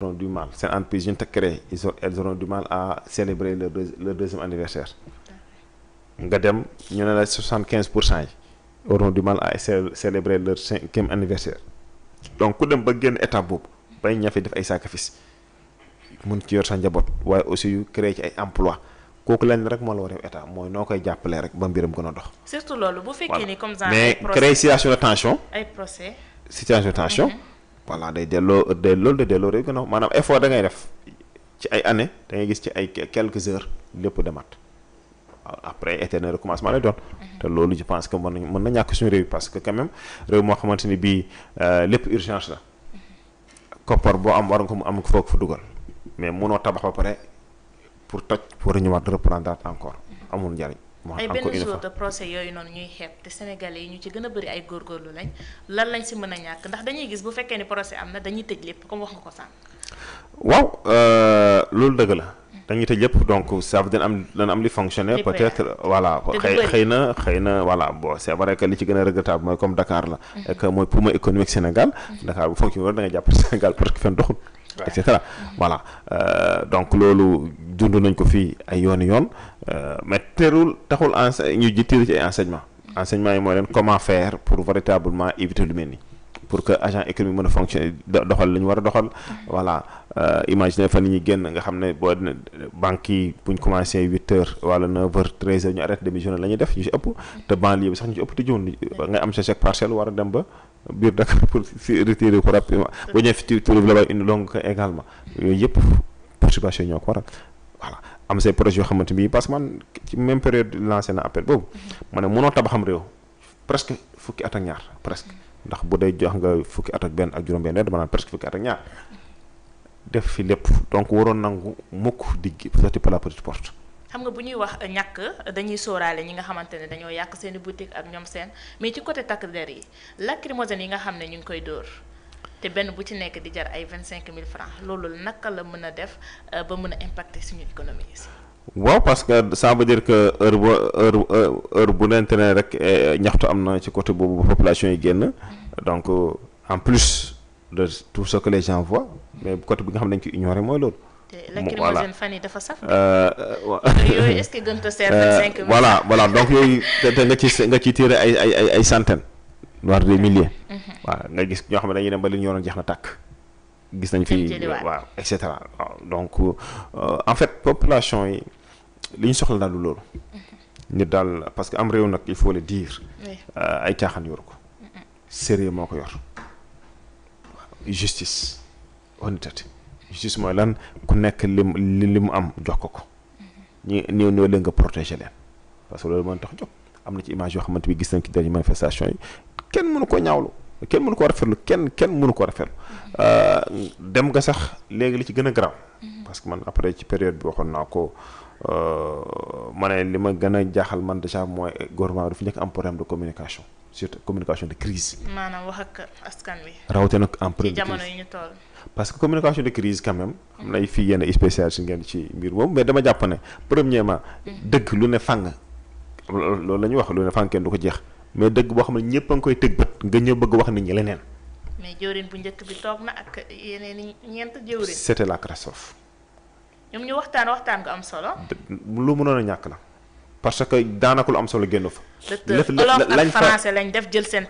auront du mal seen entreprise ñu te créé ils ont mal à célébrer leur leur deuxième anniversaire nga dem ñu ne la soixante quinze pour cent yi auront du mal à célébrer leur cinquième anniversaire donc ku dem ba génn état boobu bay ñafe def ay sacrifice mun ci yor sa njaboot waaye aussi yu créé ci ay emploi kooku lenn rek moo la war état mooy noo koy jàppalee rek ba mbiram gën a dox. surtout loolu bu fekkee ni comme mais créé situation situation de tension. voilà day delloo day loolu de delloo rek gannaaw maanaam effort da ngay def ci ay années dangay gis ci ay quelques heures lépp demat waaw après éternel recommencement lay doon. Mhm. te loolu je pense que mën nañu mën na ñàkk suñu réew parce que quand même réew moo xamante ni bii euh, lépp urgence la. Mhm. koppar boo am war ko mu am foog fa dugal mais mënoo tabax ba pare pour toj pour ñu war reprendre encore mhm. amul njariñ ay benn jour de procès yooyu noonu ñuy xeeb te sénégalais yi ñu ci gën a bëri ay góorgóorlu lañ lan lañ si mën a ñàkk ndax dañuy gis bu fekkee ni procès am na dañuy tëj lépp comme wax nga ko sànq. waaw euh, loolu dëgg la. dañuy tëj lépp donc ça veut am dana am li fonctionnaire peut-être voilà xëy xëy na xëy na voilà boo c'est vrai que li ci gën a regrettable mooy comme dakaar la. Mm-hmm. et que mooy poumon économique Sénégal. Mm-hmm. Dakar bu fonctionné da nga jàpp Sénégal parce que fenn et cetera voilà euh, donc loolu dund nañ ko fii ay yoon yoon euh, mais terul taxul ense ñu jiital ci ay enseignement enseignement yi mooy leen comment faire pour véritablement éviter lu mel nii pour que agent économique mën a fonctionner doxal li ñu war a doxal voilà euh, imaginer fan yi ñu génn nga xam ne boo banque yi bu ñu commencé huit heures wala neuf heures treize heures ñu arrêté demi journée la def ñu si ëpp te banlieue bi sax ñu si ëpp te joon nga am sa chèque parcelle war a dem ba biir Dakar pour si retirer ko rapidement mm. bu ñëwee fii tur bi la une longue également yooyu yëpp perturbation ñoo ko waral voilà am say projets yoo xamante bi parce que man ci même période lancé na appel boobu mm-hmm. ma ne mënoo tabaxam réew presque fukki at ak ñaar presque mm-hmm. ndax bu dee jox nga fukki at ak benn ak juróom-benn rek dama naan presque fukki at ak ñaar mm-hmm. def fi lépp donc waroon nangu mukk digg peut-être porte. xam nga bu ñuy wax ñàkk dañuy sóoraale ñi nga xamante ne dañoo yàq seeni i ak ñoom seen mais ci côté takk der yi lacrymogène yi nga xam ne ñu ngi koy dóor te benn bu ci nekk di jar ay vingt cinq mille francs loolu naka la mën a def euh, ba mën a impacter suñu économie ici. waaw parce que ça veut dire que heure bu heure heure bu nente ne rek eh, ñaxtu am na ci côté boobu population yi génn donc en plus de tout ce que les gens voient mais côté bi nga xam ne dañ ko ignorer mooy loolu. lacrymogène fan yi dafa saf. Euh, euh, yooyu est-ce que gën ko seer 25 euh, 000 voilà donc yooyu te nga ci nga ciy tiire ay ay ay ay centaines voire mm-hmm. waaw nga gis ñoo xam ne dañuy dem ba li ñu yoroon jeex na tàkk. gis nañ fi waaw et cetera waaw donc en fait population yi li ñu soxla daal du loolu. Mm-hmm. nit daal parce que am réew nag il faut le dire. ay caaxaan yoru ko. Mm-hmm. sérieux moo ko yor. justice honnêteté. justice mooy lan ku nekk lim li mu am jox ko ko ñi néew néew leen nga protéger leen parce que loolu mën tax jox am na ci image yoo xamante bi gis nañ ci dernier manifestation yi kenn mënu ko ñaawlu kenn mënu ko lu kenn kenn mënu ko rafetlu euh, dem nga sax léegi li ci gën a garaaw parce que man après ci période bi waxoon naa ko euh, ma ne li ma gën a jaaxal man déjà mooy gouvernement bi dafa nekk am problème de communication surtout communication de crise. maanaam wax ak askan wi. rawatina nag jamono yi ñu toll. parce de crise quand même. am na fii yenn spécialiste ngeen ci mbir boobu mais dama jàpp ne premièrement. dëgg lu ne fang. loolu la wax lu ne fang kenn du ko jeex mais dëgg boo xam ne ñëpp a koy tëgg bët nga ñëw bëgg wax nit ñi leneen. mais jëwriñ bu njëkk bi toog na ak yeneen i ñeent jëwriñ. c'était la catastrophe. ñoom ñu waxtaan waxtaan gu am solo. lu mënoon a ñàkk la. parce que daanaka am solo génn fa. lañ fa français lañ def jël seen